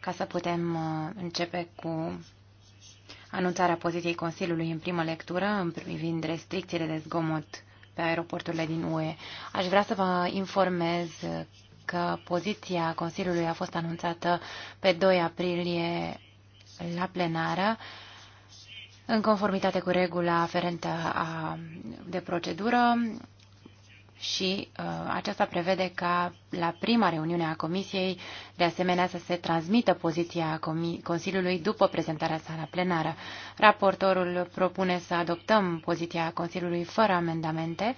ca să putem uh, începe cu anunțarea poziției Consiliului în primă lectură în privind restricțiile de zgomot pe aeroporturile din UE. Aș vrea să vă informez că poziția Consiliului a fost anunțată pe 2 aprilie la plenară în conformitate cu regula aferentă a, de procedură, și uh, aceasta prevede ca la prima reuniune a Comisiei, de asemenea, să se transmită poziția Consiliului după prezentarea sa la plenară. Raportorul propune să adoptăm poziția Consiliului fără amendamente.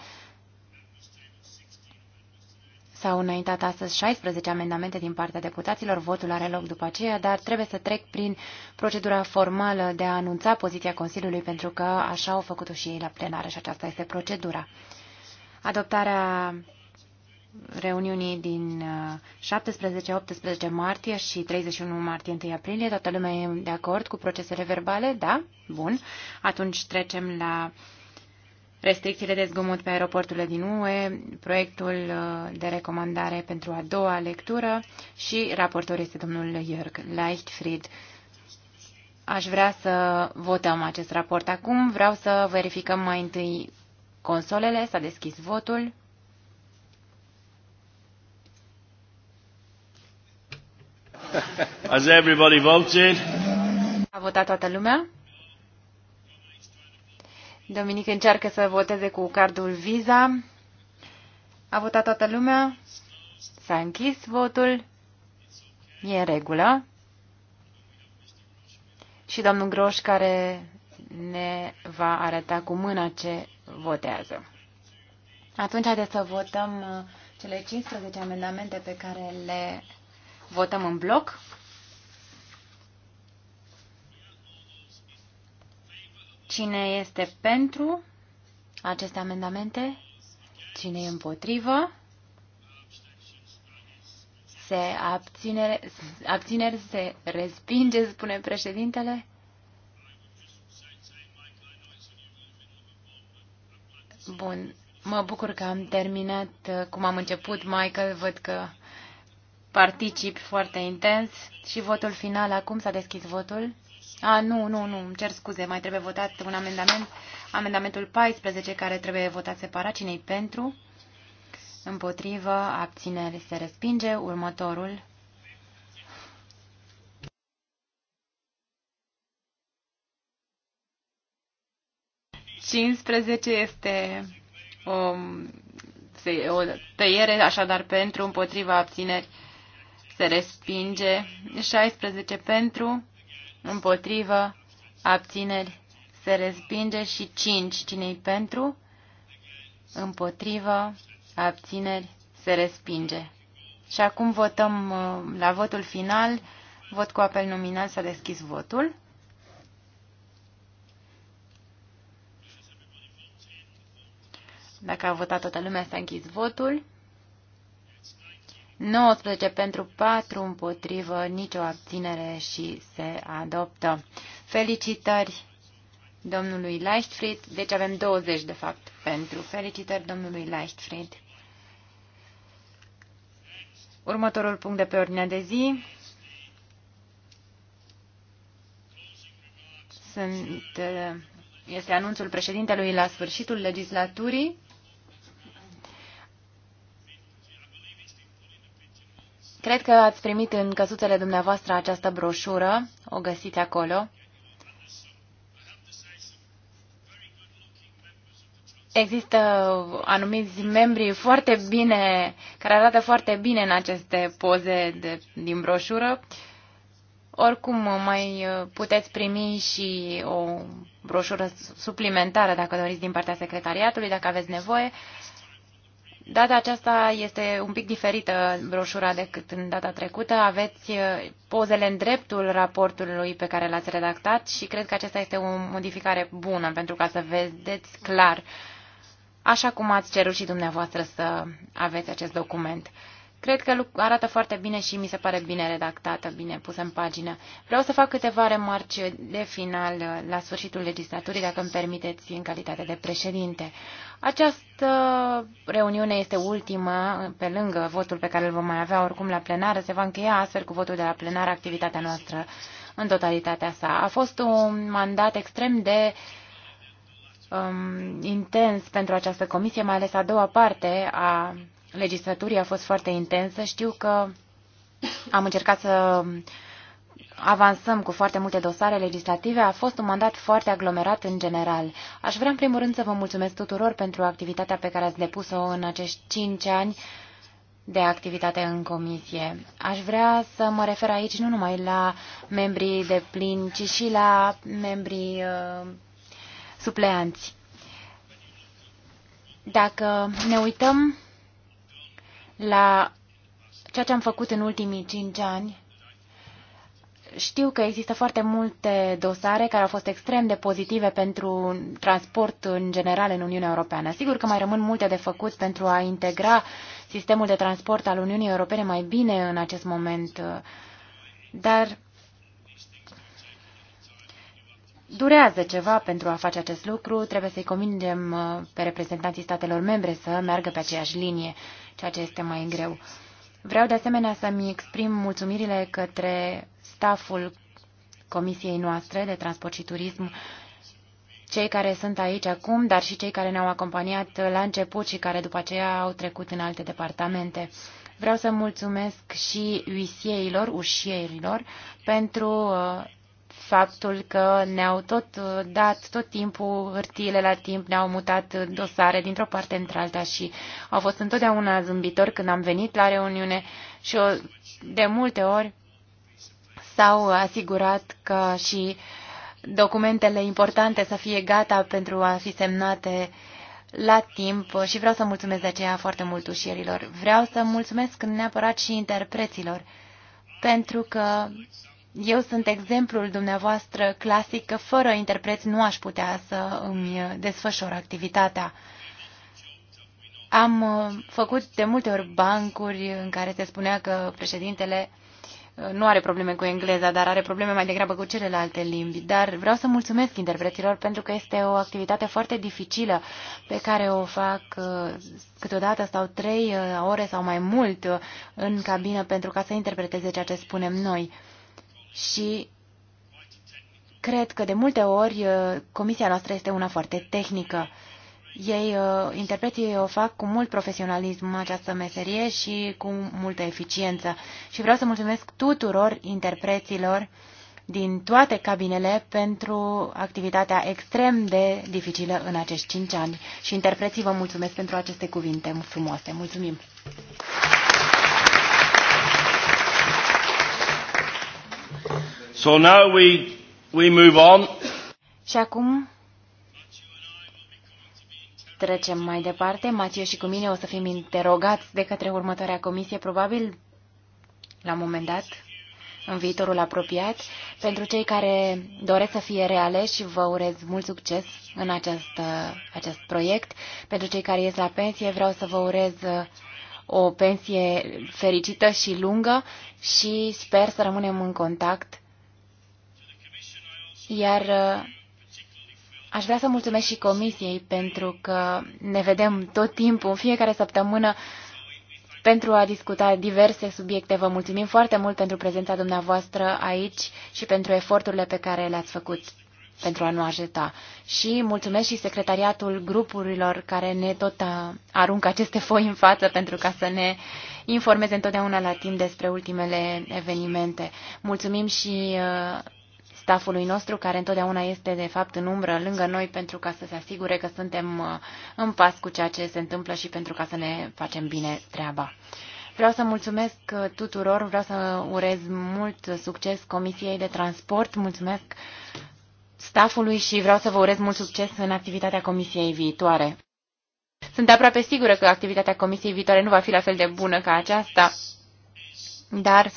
S-au înaintat astăzi 16 amendamente din partea deputaților, votul are loc după aceea, dar trebuie să trec prin procedura formală de a anunța poziția Consiliului, pentru că așa au făcut-o și ei la plenară și aceasta este procedura adoptarea reuniunii din 17-18 uh, martie și 31 martie 1 aprilie. Toată lumea e de acord cu procesele verbale? Da? Bun. Atunci trecem la restricțiile de zgomot pe aeroporturile din UE, proiectul uh, de recomandare pentru a doua lectură și raportor este domnul Jörg Leichtfried. Aș vrea să votăm acest raport acum. Vreau să verificăm mai întâi consolele, s-a deschis votul. Has everybody voted? A votat toată lumea? Dominic încearcă să voteze cu cardul Visa. A votat toată lumea? S-a închis votul. E în regulă. Și domnul Groș care ne va arăta cu mâna ce votează. Atunci haideți să votăm uh, cele 15 amendamente pe care le votăm în bloc. Cine este pentru aceste amendamente? Cine e împotrivă? Se abține, abțineri se respinge, spune președintele. Bun. Mă bucur că am terminat uh, cum am început. Michael, văd că particip foarte intens. Și votul final acum s-a deschis votul. A, nu, nu, nu, îmi cer scuze, mai trebuie votat un amendament, amendamentul 14, care trebuie votat separat. Cine-i pentru? Împotrivă, abținere, se respinge. Următorul 15 este o, um, o tăiere, așadar pentru, împotriva abțineri se respinge. 16 pentru, împotriva abțineri se respinge și 5 cinei pentru, împotriva abțineri se respinge. Și acum votăm uh, la votul final. Vot cu apel nominal s-a deschis votul. Dacă a votat toată lumea, s-a închis votul. 19 pentru 4 împotrivă, nicio abținere și se adoptă. Felicitări domnului Leichtfried. Deci avem 20 de fapt pentru. Felicitări domnului Leichtfried. Următorul punct de pe ordinea de zi sunt, este anunțul președintelui la sfârșitul legislaturii. Cred că ați primit în căsuțele dumneavoastră această broșură, o găsiți acolo. Există anumiți membri foarte bine, care arată foarte bine în aceste poze de, din broșură. Oricum, mai uh, puteți primi și o broșură suplimentară, dacă doriți, din partea secretariatului, dacă aveți nevoie data aceasta este un pic diferită broșura decât în data trecută. Aveți uh, pozele în dreptul raportului pe care l-ați redactat și cred că aceasta este o modificare bună pentru ca să vedeți clar, așa cum ați cerut și dumneavoastră să aveți acest document. Cred că arată foarte bine și mi se pare bine redactată, bine pusă în pagină. Vreau să fac câteva remarci de final uh, la sfârșitul legislaturii, dacă îmi permiteți, în calitate de președinte. Această reuniune este ultima, uh, pe lângă votul pe care îl vom mai avea oricum la plenară, se va încheia astfel cu votul de la plenară activitatea noastră în totalitatea sa. A fost un mandat extrem de um, intens pentru această comisie, mai ales a doua parte a legislaturii a fost foarte intensă. Știu că am încercat să avansăm cu foarte multe dosare legislative, a fost un mandat foarte aglomerat în general. Aș vrea în primul rând să vă mulțumesc tuturor pentru activitatea pe care ați depus-o în acești cinci ani de activitate în comisie. Aș vrea să mă refer aici nu numai la membrii de plin, ci și la membrii uh, supleanți. Dacă ne uităm la ceea ce am făcut în ultimii cinci ani, știu că există foarte multe dosare care au fost extrem de pozitive pentru transport în general în Uniunea Europeană. Sigur că mai rămân multe de făcut pentru a integra sistemul de transport al Uniunii Europene mai bine în acest moment, dar Durează ceva pentru a face acest lucru, trebuie să-i convingem uh, pe reprezentanții statelor membre să meargă pe aceeași linie, ceea ce este mai greu. Vreau de asemenea să-mi exprim mulțumirile către staful Comisiei noastre de Transport și Turism, cei care sunt aici acum, dar și cei care ne-au acompaniat la început și care după aceea au trecut în alte departamente. Vreau să mulțumesc și uisieilor, ușierilor, pentru uh, faptul că ne-au tot uh, dat tot timpul hârtiile la timp, ne-au mutat dosare dintr-o parte într-alta și au fost întotdeauna zâmbitori când am venit la reuniune și o, de multe ori s-au asigurat că și documentele importante să fie gata pentru a fi semnate la timp și vreau să mulțumesc de aceea foarte mult ușierilor. Vreau să mulțumesc neapărat și interpreților, pentru că eu sunt exemplul dumneavoastră clasic că fără interpreți nu aș putea să îmi desfășor activitatea. Am uh, făcut de multe ori bancuri în care se spunea că președintele uh, nu are probleme cu engleza, dar are probleme mai degrabă cu celelalte limbi. Dar vreau să mulțumesc interpreților pentru că este o activitate foarte dificilă pe care o fac uh, câteodată sau trei ore sau mai mult în cabină pentru ca să interpreteze ceea ce spunem noi și cred că de multe ori uh, comisia noastră este una foarte tehnică. Ei, uh, interpreții, o fac cu mult profesionalism această meserie și cu multă eficiență. Și vreau să mulțumesc tuturor interpreților din toate cabinele pentru activitatea extrem de dificilă în acești cinci ani. Și interpreții vă mulțumesc pentru aceste cuvinte frumoase. Mulțumim! So now we, we move on. Și acum trecem mai departe. Matiu și cu mine o să fim interogați de către următoarea comisie, probabil la un moment dat, în viitorul apropiat. Pentru cei care doresc să fie realeși, vă urez mult succes în acest, acest proiect. Pentru cei care ies la pensie, vreau să vă urez o pensie fericită și lungă și sper să rămânem în contact iar uh, aș vrea să mulțumesc și Comisiei pentru că ne vedem tot timpul, în fiecare săptămână, pentru a discuta diverse subiecte. Vă mulțumim foarte mult pentru prezența dumneavoastră aici și pentru eforturile pe care le-ați făcut pentru a nu ajuta. Și mulțumesc și secretariatul grupurilor care ne tot uh, aruncă aceste foi în față pentru ca să ne informeze întotdeauna la timp despre ultimele evenimente. Mulțumim și uh, stafului nostru, care întotdeauna este de fapt în umbră lângă noi pentru ca să se asigure că suntem uh, în pas cu ceea ce se întâmplă și pentru ca să ne facem bine treaba. Vreau să mulțumesc uh, tuturor, vreau să urez mult succes Comisiei de Transport, mulțumesc staffului și vreau să vă urez mult succes în activitatea Comisiei viitoare. Sunt aproape sigură că activitatea Comisiei viitoare nu va fi la fel de bună ca aceasta, dar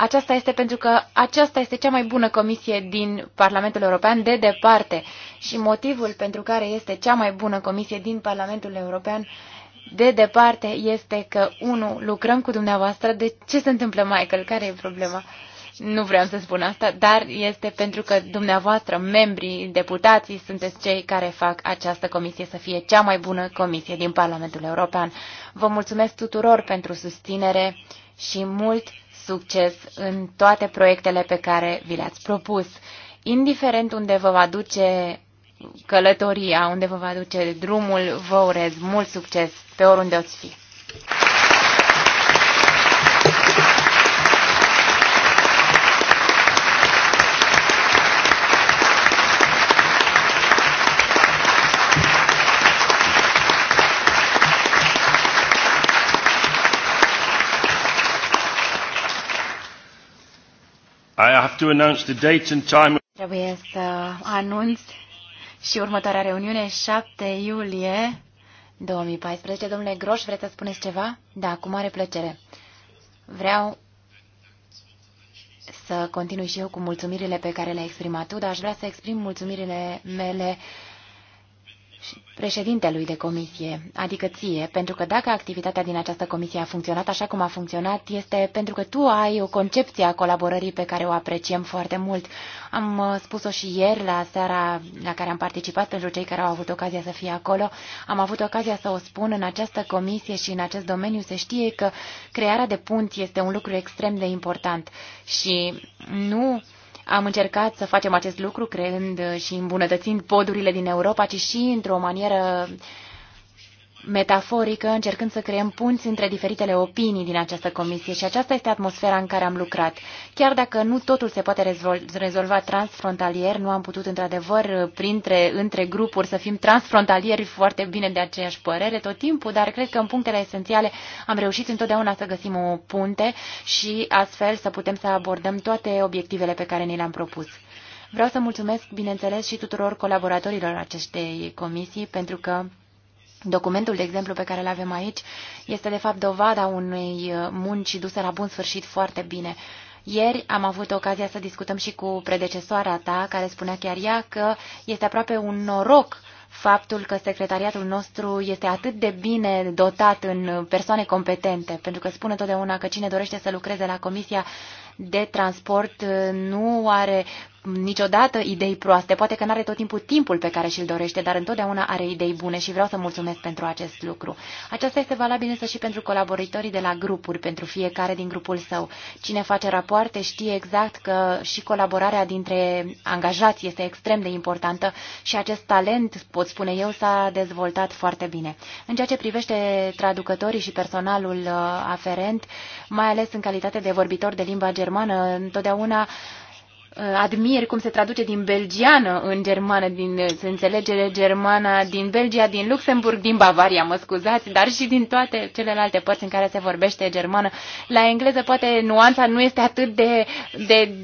aceasta este pentru că aceasta este cea mai bună comisie din Parlamentul European de departe și motivul pentru care este cea mai bună comisie din Parlamentul European de departe este că, unu, lucrăm cu dumneavoastră. De ce se întâmplă, Michael? Care e problema? Nu vreau să spun asta, dar este pentru că dumneavoastră, membrii, deputații, sunteți cei care fac această comisie să fie cea mai bună comisie din Parlamentul European. Vă mulțumesc tuturor pentru susținere și mult succes în toate proiectele pe care vi le-ați propus. Indiferent unde vă va duce călătoria, unde vă va duce drumul, vă urez mult succes pe oriunde o fi. I have to announce the date and time. Trebuie să anunț și următoarea reuniune, 7 iulie 2014. Domnule Groș, vreți să spuneți ceva? Da, cu mare plăcere. Vreau să continui și eu cu mulțumirile pe care le-ai exprimat tu, dar aș vrea să exprim mulțumirile mele uh, președintelui de comisie, adică ție, pentru că dacă activitatea din această comisie a funcționat așa cum a funcționat, este pentru că tu ai o concepție a colaborării pe care o apreciem foarte mult. Am uh, spus-o și ieri la seara la care am participat pentru cei care au avut ocazia să fie acolo. Am avut ocazia să o spun în această comisie și în acest domeniu se știe că crearea de punți este un lucru extrem de important și nu am încercat să facem acest lucru creând și îmbunătățind podurile din Europa, ci și într-o manieră uh, metaforică, încercând să creăm punți între diferitele opinii din această comisie și aceasta este atmosfera în care am lucrat. Chiar dacă nu totul se poate rezolva transfrontalier, nu am putut într-adevăr printre între grupuri să fim transfrontalieri foarte bine de aceeași părere tot timpul, dar cred că în punctele esențiale am reușit întotdeauna să găsim o punte și astfel să putem să abordăm toate obiectivele pe care ni le-am propus. Vreau să mulțumesc, bineînțeles, și tuturor colaboratorilor acestei comisii pentru că Documentul, de exemplu, pe care îl avem aici, este de fapt dovada unei uh, munci duse la bun sfârșit foarte bine. Ieri am avut ocazia să discutăm și cu predecesoara ta, care spunea chiar ea că este aproape un noroc faptul că secretariatul nostru este atât de bine dotat în persoane competente, pentru că spune totdeauna că cine dorește să lucreze la Comisia de Transport uh, nu are niciodată idei proaste. Poate că nu are tot timpul timpul pe care și-l dorește, dar întotdeauna are idei bune și vreau să mulțumesc pentru acest lucru. Aceasta este valabil însă și pentru colaboratorii de la grupuri, pentru fiecare din grupul său. Cine face rapoarte știe exact că și colaborarea dintre angajați este extrem de importantă și acest talent, pot spune eu, s-a dezvoltat foarte bine. În ceea ce privește traducătorii și personalul uh, aferent, mai ales în calitate de vorbitor de limba germană, întotdeauna Uh, admir cum se traduce din belgiană în germană, din uh, înțelegere germana, din Belgia, din Luxemburg, din Bavaria, mă scuzați, dar și din toate celelalte părți în care se vorbește germană. La engleză poate nuanța nu este atât de, de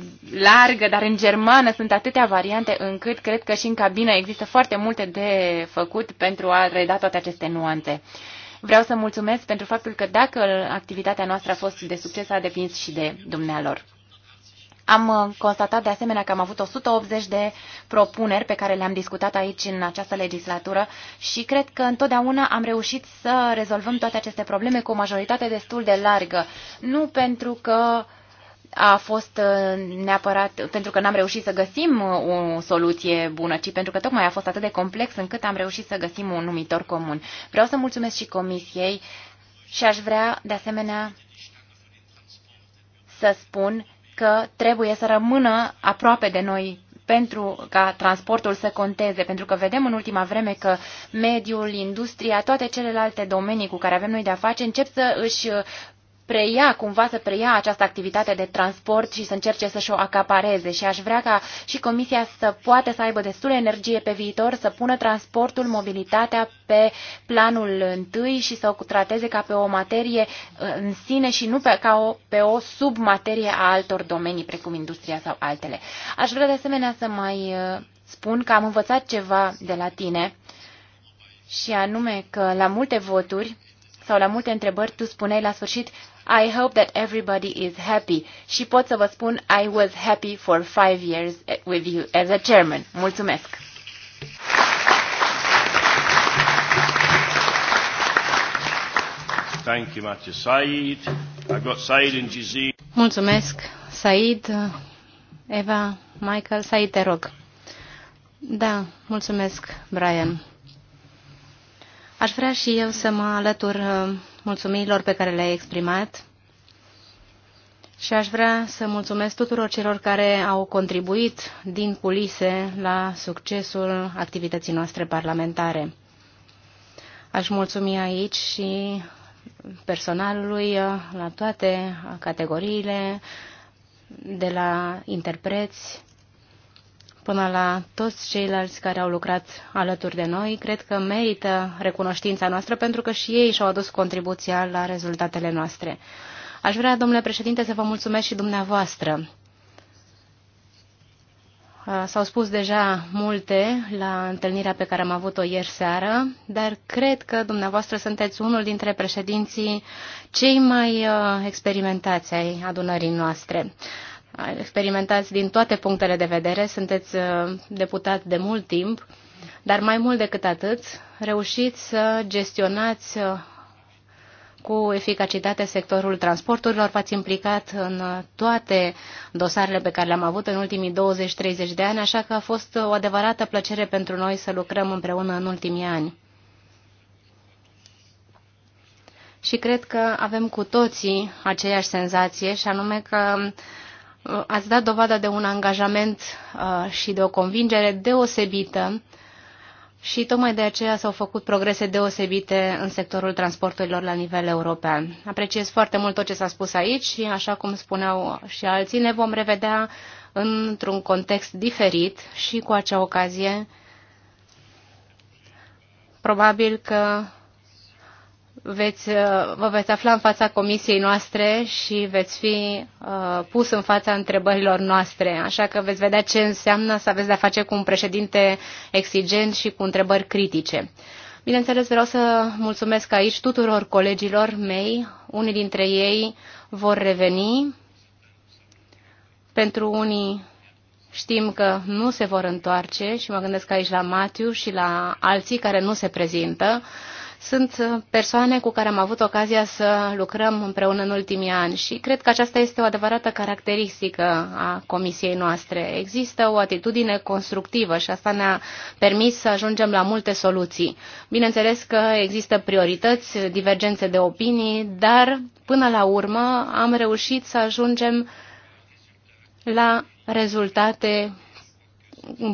largă, dar în germană sunt atâtea variante încât cred că și în cabină există foarte multe de făcut pentru a reda toate aceste nuanțe. Vreau să mulțumesc pentru faptul că dacă activitatea noastră a fost de succes, a depins și de dumnealor. Am uh, constatat de asemenea că am avut 180 de propuneri pe care le-am discutat aici în această legislatură și cred că întotdeauna am reușit să rezolvăm toate aceste probleme cu o majoritate destul de largă. Nu pentru că a fost uh, neapărat, pentru că n-am reușit să găsim uh, o soluție bună, ci pentru că tocmai a fost atât de complex încât am reușit să găsim un numitor comun. Vreau să mulțumesc și comisiei și aș vrea, de asemenea, să spun că trebuie să rămână aproape de noi pentru ca transportul să conteze, pentru că vedem în ultima vreme că mediul, industria, toate celelalte domenii cu care avem noi de-a face încep să își preia, cumva să preia această activitate de transport și să încerce să-și o acapareze și aș vrea ca și Comisia să poată să aibă destulă energie pe viitor, să pună transportul, mobilitatea pe planul întâi și să o trateze ca pe o materie uh, în sine și nu pe, ca o, pe o submaterie a altor domenii, precum industria sau altele. Aș vrea de asemenea să mai uh, spun că am învățat ceva de la tine și anume că la multe voturi sau la multe întrebări, tu spuneai la sfârșit I hope that everybody is happy și pot să vă spun I was happy for five years with you as a chairman. Mulțumesc! Thank you, Mr. Said. I've got Said and Gizi. Mulțumesc, Said, Eva, Michael, Said, te rog. Da, mulțumesc, Brian. Aș vrea și eu să mă alătur uh, mulțumirilor pe care le-ai exprimat și aș vrea să mulțumesc tuturor celor care au contribuit din culise la succesul activității noastre parlamentare. Aș mulțumi aici și personalului uh, la toate categoriile, de la interpreți până la toți ceilalți care au lucrat alături de noi. Cred că merită recunoștința noastră pentru că și ei și-au adus contribuția la rezultatele noastre. Aș vrea, domnule președinte, să vă mulțumesc și dumneavoastră. S-au spus deja multe la întâlnirea pe care am avut-o ieri seară, dar cred că dumneavoastră sunteți unul dintre președinții cei mai experimentați ai adunării noastre experimentați din toate punctele de vedere, sunteți uh, deputat de mult timp, dar mai mult decât atât, reușiți să gestionați uh, cu eficacitate sectorul transporturilor. V-ați implicat în uh, toate dosarele pe care le-am avut în ultimii 20-30 de ani, așa că a fost o adevărată plăcere pentru noi să lucrăm împreună în ultimii ani. Și cred că avem cu toții aceeași senzație, și anume că uh, Uh, ați dat dovadă de un angajament uh, și de o convingere deosebită și tocmai de aceea s-au făcut progrese deosebite în sectorul transporturilor la nivel european. Apreciez foarte mult tot ce s-a spus aici și, așa cum spuneau și alții, ne vom revedea într-un context diferit și cu acea ocazie probabil că veți, uh, vă veți afla în fața comisiei noastre și veți fi uh, pus în fața întrebărilor noastre. Așa că veți vedea ce înseamnă să aveți de-a face cu un președinte exigent și cu întrebări critice. Bineînțeles, vreau să mulțumesc aici tuturor colegilor mei. Unii dintre ei vor reveni. Pentru unii știm că nu se vor întoarce și mă gândesc aici la Matiu și la alții care nu se prezintă. Uh, sunt uh, persoane cu care am avut ocazia să lucrăm împreună în ultimii ani și cred că aceasta este o adevărată caracteristică a comisiei noastre. Există o atitudine constructivă și asta ne-a permis să ajungem la multe soluții. Bineînțeles că există priorități, divergențe de opinii, dar până la urmă am reușit să ajungem la rezultate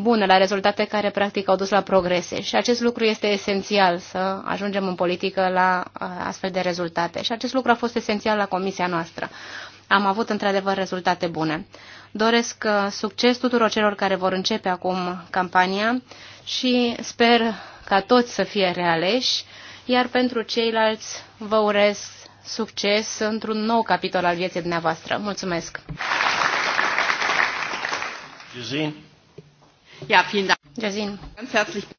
bune, la rezultate care practic au dus la progrese. Și acest lucru este esențial, să ajungem în politică la uh, astfel de rezultate. Și acest lucru a fost esențial la comisia noastră. Am avut într-adevăr rezultate bune. Doresc uh, succes tuturor celor care vor începe acum campania și sper ca toți să fie realeși, iar pentru ceilalți vă urez succes într-un nou capitol al vieții dumneavoastră. Mulțumesc!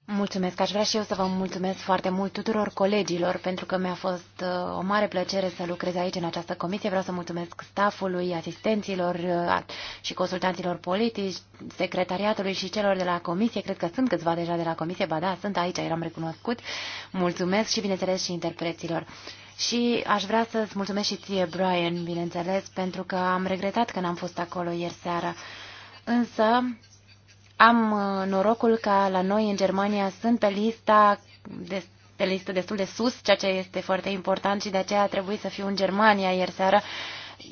Mulțumesc. Aș vrea și eu să vă mulțumesc foarte mult tuturor colegilor pentru că mi-a fost uh, o mare plăcere să lucrez aici în această comisie. Vreau să mulțumesc staffului, asistenților uh, și consultanților politici, secretariatului și celor de la comisie. Cred că sunt câțiva deja de la comisie, ba da, sunt aici, eram recunoscut. Mulțumesc și, bineînțeles, și interpreților. Și aș vrea să-ți mulțumesc și ție, Brian, bineînțeles, pentru că am regretat că n-am fost acolo ieri seara. Însă, am uh, norocul ca la noi în Germania sunt pe lista de pe listă destul de sus, ceea ce este foarte important și de aceea a trebuit să fiu în Germania ieri seară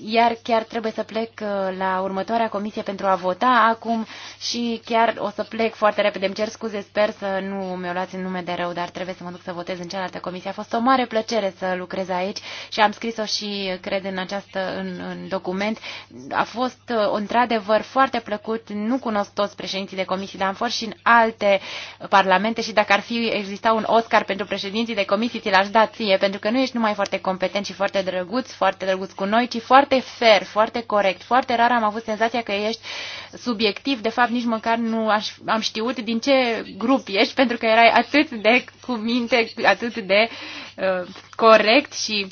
iar chiar trebuie să plec uh, la următoarea comisie pentru a vota acum și chiar o să plec foarte repede. Îmi cer scuze, sper să nu mi-o luați în nume de rău, dar trebuie să mă duc să votez în cealaltă comisie. A fost o mare plăcere să lucrez aici și am scris-o și, cred, în, această, în, în document. A fost, uh, într-adevăr, foarte plăcut. Nu cunosc toți președinții de comisii, dar am fost și în alte parlamente și dacă ar fi exista un Oscar pentru președinții de comisii, ți l-aș da ție, pentru că nu ești numai foarte competent și foarte drăguț, foarte drăguț cu noi, ci foarte foarte fer, foarte corect. Foarte rar am avut senzația că ești subiectiv, de fapt nici măcar nu aș, am știut din ce grup ești, pentru că erai atât de cu minte, atât de uh, corect și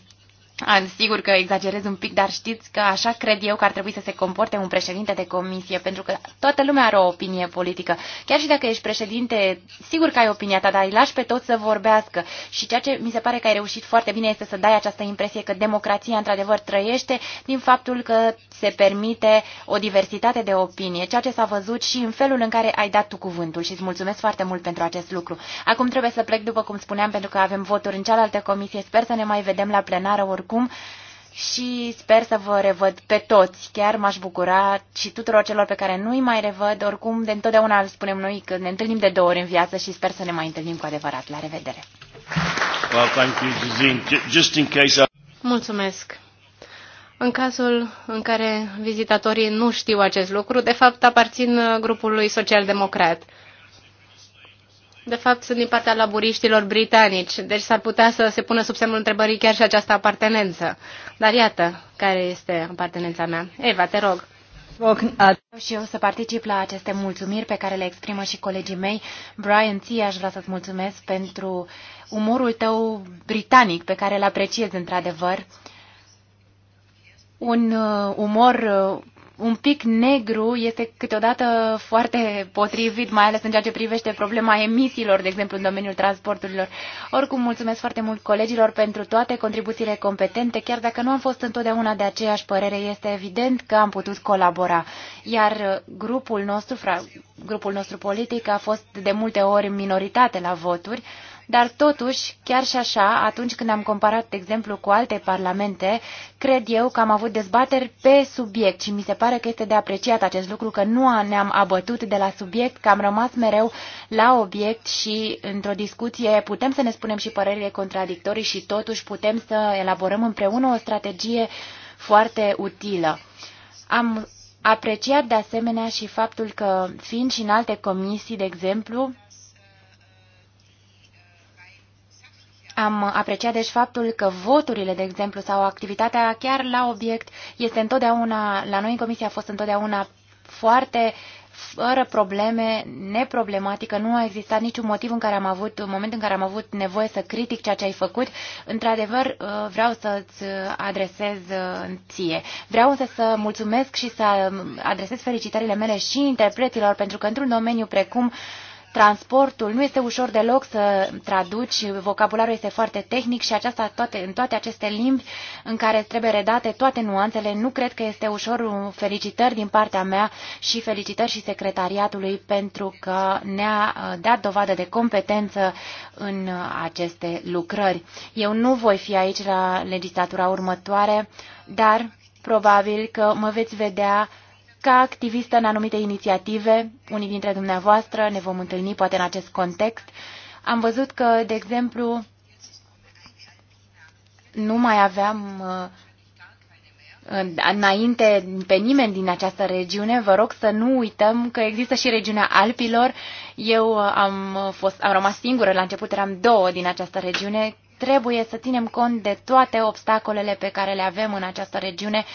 An, ah, sigur că exagerez un pic, dar știți că așa cred eu că ar trebui să se comporte un președinte de comisie, pentru că toată lumea are o opinie politică. Chiar și dacă ești președinte, sigur că ai opinia ta, dar îi lași pe toți să vorbească. Și ceea ce mi se pare că ai reușit foarte bine este să dai această impresie că democrația într-adevăr trăiește din faptul că se permite o diversitate de opinie, ceea ce s-a văzut și în felul în care ai dat tu cuvântul și îți mulțumesc foarte mult pentru acest lucru. Acum trebuie să plec, după cum spuneam, pentru că avem voturi în cealaltă comisie. Sper să ne mai vedem la plenară ori oricum și sper să vă revăd pe toți. Chiar m-aș bucura și tuturor celor pe care nu-i mai revăd. Oricum, de întotdeauna spunem noi că ne întâlnim de două ori în viață și sper să ne mai întâlnim cu adevărat. La revedere! Well, thank you, Just in case I... Mulțumesc! În cazul în care vizitatorii nu știu acest lucru, de fapt aparțin uh, grupului social-democrat de fapt, sunt din partea laburiștilor britanici, deci s-ar putea să se pună sub semnul întrebării chiar și această apartenență. Dar iată care este apartenența mea. Eva, te rog. Și eu să particip la aceste mulțumiri pe care le exprimă și colegii mei. Brian, ție aș vrea să-ți mulțumesc pentru umorul tău britanic, pe care îl apreciez într-adevăr. Un uh, umor uh, un pic negru este câteodată foarte potrivit, mai ales în ceea ce privește problema emisiilor, de exemplu, în domeniul transporturilor. Oricum, mulțumesc foarte mult colegilor pentru toate contribuțiile competente, chiar dacă nu am fost întotdeauna de aceeași părere, este evident că am putut colabora. Iar grupul nostru, grupul nostru politic a fost de multe ori minoritate la voturi, dar totuși, chiar și așa, atunci când am comparat, de exemplu, cu alte parlamente, cred eu că am avut dezbateri pe subiect și mi se pare că este de apreciat acest lucru, că nu ne-am abătut de la subiect, că am rămas mereu la obiect și într-o discuție putem să ne spunem și părerile contradictorii și totuși putem să elaborăm împreună o strategie foarte utilă. Am apreciat de asemenea și faptul că, fiind și în alte comisii, de exemplu, Am apreciat deci faptul că voturile, de exemplu, sau activitatea chiar la obiect este întotdeauna, la noi în comisie a fost întotdeauna foarte fără probleme, neproblematică, nu a existat niciun motiv în care am avut, în momentul în care am avut nevoie să critic ceea ce ai făcut, într-adevăr vreau să-ți adresez uh, ție. Vreau însă să mulțumesc și să adresez felicitările mele și interpretilor pentru că într-un domeniu precum uh, transportul, nu este ușor deloc să traduci, vocabularul este foarte tehnic și aceasta toate, în toate aceste limbi în care trebuie redate toate nuanțele, nu cred că este ușor. Felicitări din partea mea și felicitări și secretariatului pentru că ne-a uh, dat dovadă de competență în uh, aceste lucrări. Eu nu voi fi aici la legislatura următoare, dar probabil că mă veți vedea ca activistă în anumite inițiative, unii dintre dumneavoastră ne vom întâlni poate în acest context, am văzut că, de exemplu, nu mai aveam uh, înainte pe nimeni din această regiune. Vă rog să nu uităm că există și regiunea Alpilor. Eu uh, am, fost, am rămas singură, la început eram două din această regiune. Trebuie să ținem cont de toate obstacolele pe care le avem în această regiune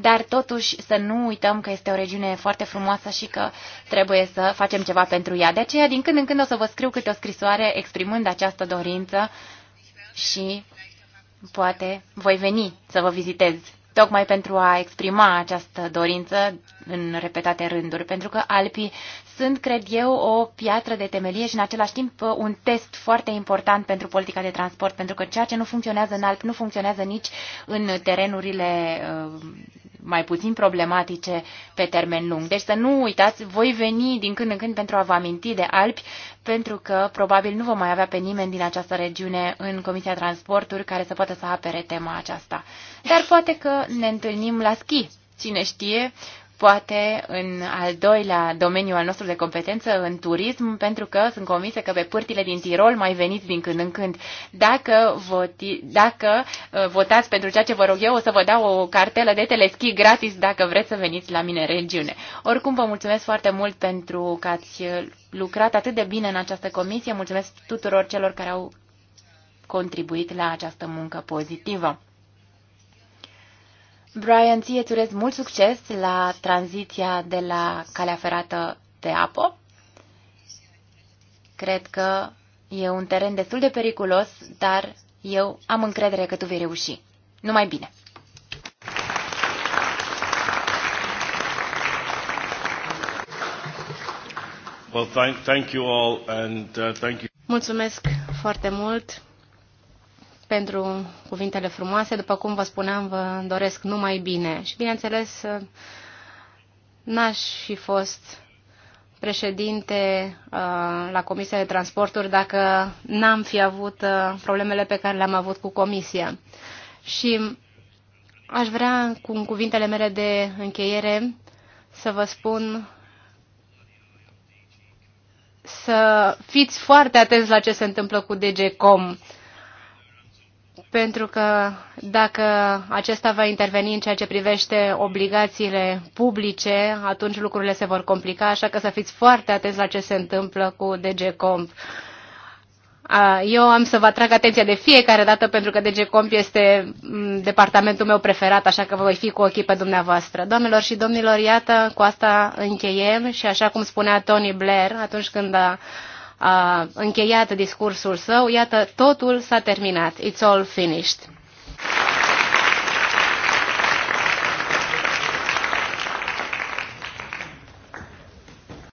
dar totuși să nu uităm că este o regiune foarte frumoasă și că trebuie să facem ceva pentru ea. De aceea, din când în când o să vă scriu câte o scrisoare exprimând această dorință și poate voi veni să vă vizitez tocmai pentru a exprima această dorință în repetate rânduri, pentru că alpii sunt, cred eu, o piatră de temelie și în același timp uh, un test foarte important pentru politica de transport, pentru că ceea ce nu funcționează în alp nu funcționează nici în terenurile uh, mai puțin problematice pe termen lung. Deci să nu uitați, voi veni din când în când pentru a vă aminti de Alpi, pentru că probabil nu vom mai avea pe nimeni din această regiune în Comisia Transporturi care să poată să apere tema aceasta. Dar poate că ne întâlnim la schi. Cine știe, poate în al doilea domeniu al nostru de competență, în turism, pentru că sunt convinsă că pe pârtile din Tirol mai veniți din când în când. Dacă, voti, dacă uh, votați pentru ceea ce vă rog eu, o să vă dau o cartelă de teleschi gratis dacă vreți să veniți la mine în regiune. Oricum, vă mulțumesc foarte mult pentru că ați lucrat atât de bine în această comisie. Mulțumesc tuturor celor care au contribuit la această muncă pozitivă. Brian, ție îți urez mult succes la tranziția de la calea ferată de apă. Cred că e un teren destul de periculos, dar eu am încredere că tu vei reuși. Numai bine! Well, thank, thank you all and uh, thank you. Mulțumesc foarte mult pentru cuvintele frumoase. După cum vă spuneam, vă doresc numai bine. Și, bineînțeles, n-aș fi fost președinte uh, la Comisia de Transporturi dacă n-am fi avut uh, problemele pe care le-am avut cu Comisia. Și aș vrea, cu cuvintele mele de încheiere, să vă spun să fiți foarte atenți la ce se întâmplă cu DGCOM pentru că dacă acesta va interveni în ceea ce privește obligațiile publice, atunci lucrurile se vor complica, așa că să fiți foarte atenți la ce se întâmplă cu DG Comp. Eu am să vă atrag atenția de fiecare dată pentru că DG Comp este departamentul meu preferat, așa că voi fi cu ochii pe dumneavoastră. Doamnelor și domnilor, iată, cu asta încheiem și așa cum spunea Tony Blair atunci când a a încheiat discursul său, iată, totul s-a terminat. It's all finished.